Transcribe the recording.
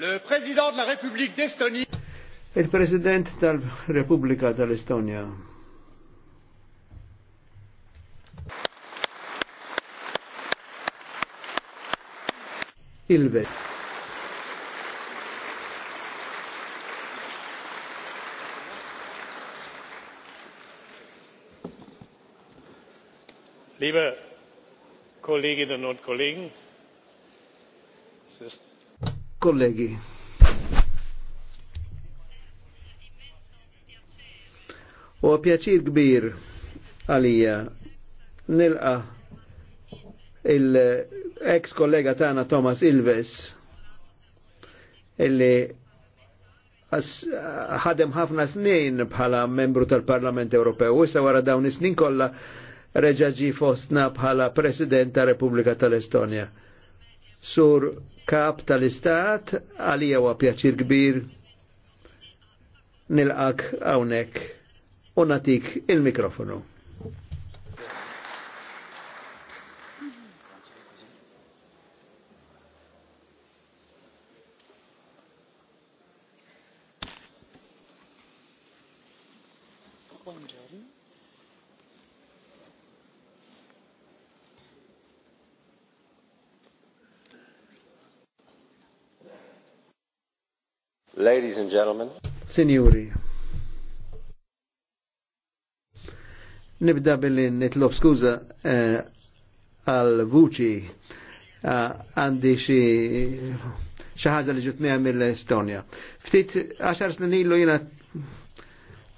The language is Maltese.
Il-President de la République d'Estonie. Il-President tal-Repubblika tal-Estonja. Ilvet. Liebe Kolleginnen und Kollegen, es ist Kollegi, u pjaċir kbir għalija nilqa il-ex kollega tana Thomas Ilves illi ħadem ħafna snin bħala membru tal-Parlament Ewropew u issa wara dawn is-snin kollha reġaġi fostna bħala President ta' Repubblika tal-Estonja sur kap tal-istat, għalija wa pjaċir kbir nilqak hawnhekk u natik il-mikrofonu. Buongiorno. Ladies and gentlemen. Signori. Nibda billi nitlob skuza eh, għal eh, vuċi għandi eh, xi xi ħaġa li ġiet mill-Estonja. Ftit 10 snin ilu jiena